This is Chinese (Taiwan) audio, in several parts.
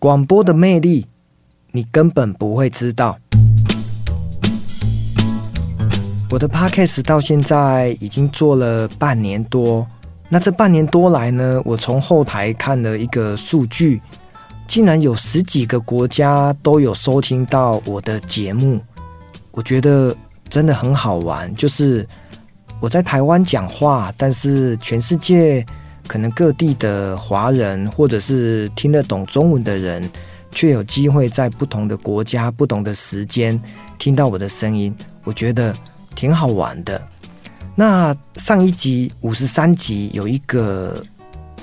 廣播的魅力，你根本不會知道。我的 Podcast 到現在已經做了半年多，那這半年多來呢，我從後台看了一個數據，竟然有十幾個國家都有收聽到我的節目，我覺得真的很好玩。就是我在台灣講話，但是全世界。可能各地的華人，或者是聽得懂中文的人，卻有機會在不同的國家、不同的時間聽到我的聲音，我覺得挺好玩的。那上一集五十三集有一個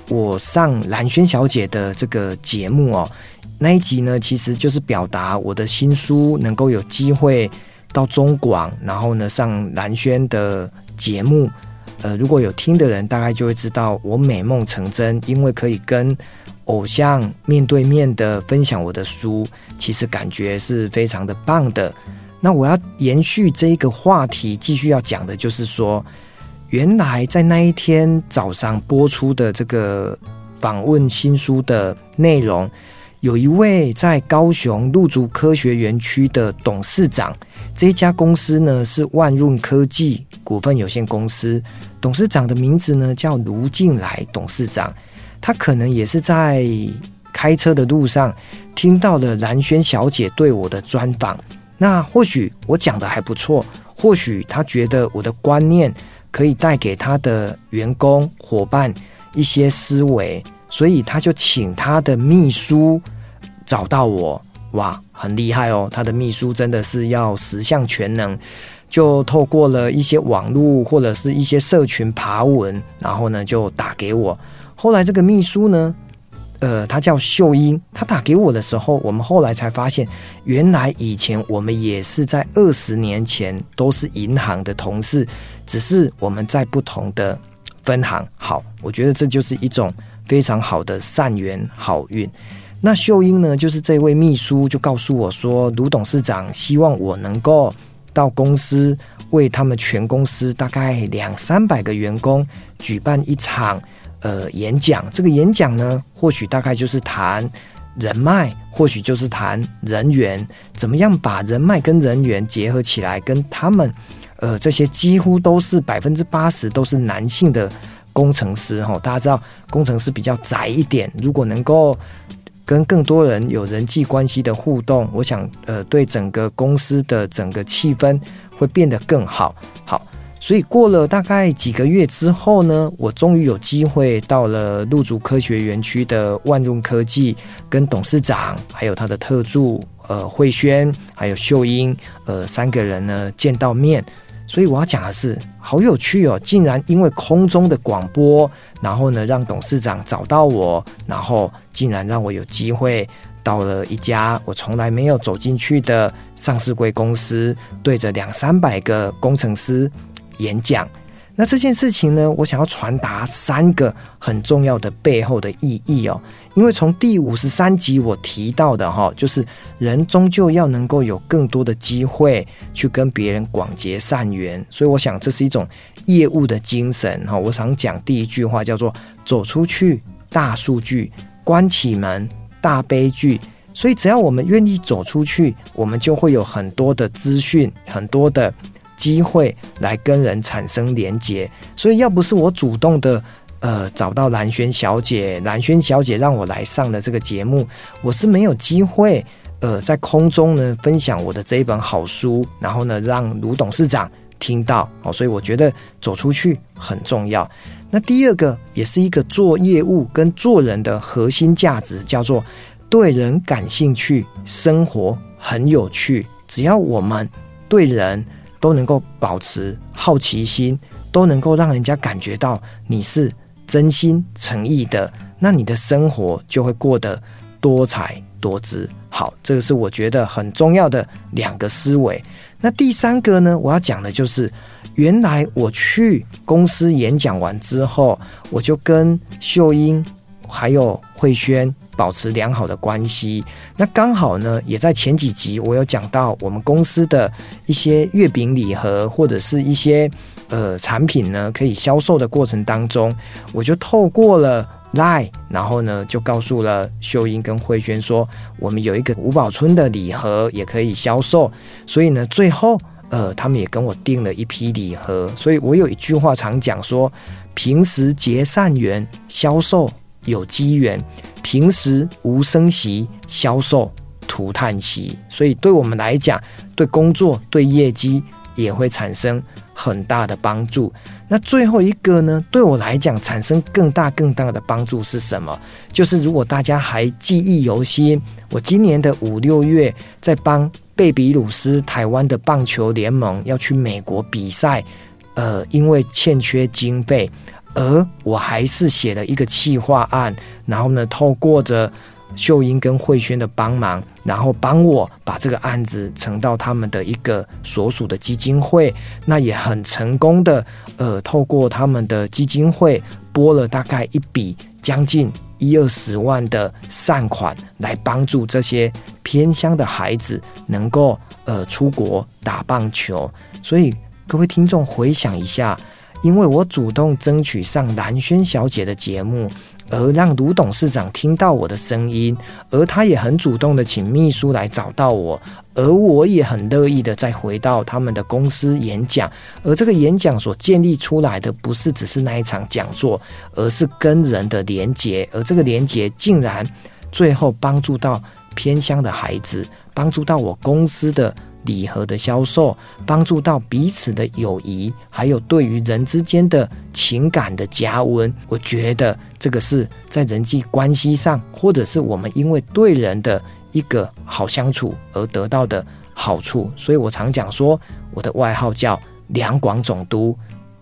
我上蘭萱小姐的這個節目哦，那一集呢，其實就是表達我的新書能夠有機會到中廣，然後呢，上蘭萱的節目。呃，如果有聽的人，大概就會知道我美夢成真，因為可以跟偶像面對面的分享我的書，其實感覺是非常的棒的。那我要延續這個話題，繼續要講的就是說，原來在那一天早上播出的這個訪問新書的內容，有一位在高雄路竹科學園區的董事長，這家公司呢是萬潤科技。股份有限公司董事長的名字呢叫盧進來。董事長，他可能也是在開車的路上聽到了蘭萱小姐對我的專訪。那或許我講的還不錯，或許他覺得我的觀念可以帶給他的員工伙伴一些思維，所以他就請他的秘書找到我。哇，很厲害哦！他的秘書真的是要十項全能。就透過了一些網絡或者是一些社群爬文，然後呢就打給我。後來這個秘書呢，呃，他叫秀英，他打給我的時候，我們後來才發現，原來以前我們也是在二十年前都是銀行的同事，只是我們在不同的分行。好，我覺得這就是一種非常好的善緣好運。那秀英呢，就是這位秘書就告訴我說，盧董事長希望我能夠。到公司為他們全公司大概兩三百個員工舉辦一場呃演講，這個演講呢或許大概就是談人脈，或許就是談人緣，怎麼樣把人脈跟人緣結合起來，跟他們呃這些幾乎都是百分之八十都是男性的工程師吼，大家知道工程師比較窄一點，如果能夠。跟更多人有人際關係的互動，我想，呃，對整個公司的整個氣氛會變得更好。好，所以過了大概幾個月之後呢，我終於有機會到了路竹科學園區的萬潤科技，跟董事長還有他的特助，呃，慧軒還有秀英，呃，三個人呢見到面。所以我要講的是，好有趣哦！竟然因為空中的廣播，然後呢，讓董事長找到我，然後竟然讓我有機會到了一家我從來沒有走進去的上市櫃公司，對着兩三百個工程師演講。那這件事情呢，我想要傳達三個很重要的背後的意義哦。因為從第五十三集我提到的哈，就是人終究要能夠有更多的機會去跟別人廣結善緣，所以我想這是一種業務的精神哈。我想講第一句話叫做“走出去，大數據，關起門，大悲劇”。所以只要我們願意走出去，我們就會有很多的資訊，很多的。機會來跟人產生連接，所以要不是我主動的，呃，找到蘭萱小姐，蘭萱小姐讓我來上了這個節目，我是沒有機會，呃，在空中呢分享我的這一本好書，然後呢讓盧董事長聽到。所以我覺得走出去很重要。那第二個也是一個做業務跟做人的核心價值，叫做對人感興趣，生活很有趣。只要我們對人，都能夠保持好奇心，都能夠讓人家感覺到你是真心誠意的，那你的生活就會過得多彩多姿。好，這個是我覺得很重要的兩個思維。那第三個呢？我要講的就是，原來我去公司演講完之後，我就跟秀英。還有慧軒保持良好的關係，那剛好呢，也在前幾集我有講到我們公司的一些月餅禮盒或者是一些呃產品呢，可以銷售的過程當中，我就透過了 LINE，然後呢就告訴了秀英跟慧軒說，我們有一個五寶村的禮盒也可以銷售，所以呢最後呃他們也跟我訂了一批禮盒，所以我有一句話常講說，平時結善緣，銷售有機緣，平時無聲息，銷售徒嘆息。所以，對我們來講，對工作、對業績也會產生很大的幫助。那最後一個呢？對我來講，產生更大、更大的幫助是什麼？就是如果大家還記憶猶新，我今年的五六月在幫貝比魯斯台灣的棒球聯盟要去美國比賽，呃，因為欠缺經費。而我還是寫了一個企劃案，然後呢，透過着秀英跟慧軒的幫忙，然後幫我把這個案子呈到他們的一個所屬的基金會，那也很成功的，呃，透過他們的基金會撥了大概一筆將近一二十萬的善款，來幫助這些偏鄉的孩子能夠呃出國打棒球。所以各位聽眾回想一下。因為我主動爭取上蘭萱小姐的節目，而讓盧董事長聽到我的聲音，而他也很主動的請秘書來找到我，而我也很樂意的再回到他們的公司演講，而這個演講所建立出來的，不是只是那一場講座，而是跟人的連結，而這個連結竟然最後幫助到偏鄉的孩子，幫助到我公司的。禮盒的銷售，幫助到彼此的友誼，還有對於人之間的情感的加溫，我覺得這個是在人際關係上，或者是我們因為對人的一個好相處而得到的好處。所以我常講說，我的外號叫兩廣總督，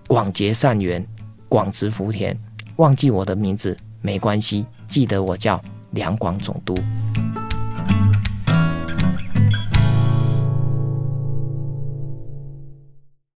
廣結善緣，廣植福田。忘記我的名字沒關係，記得我叫兩廣總督。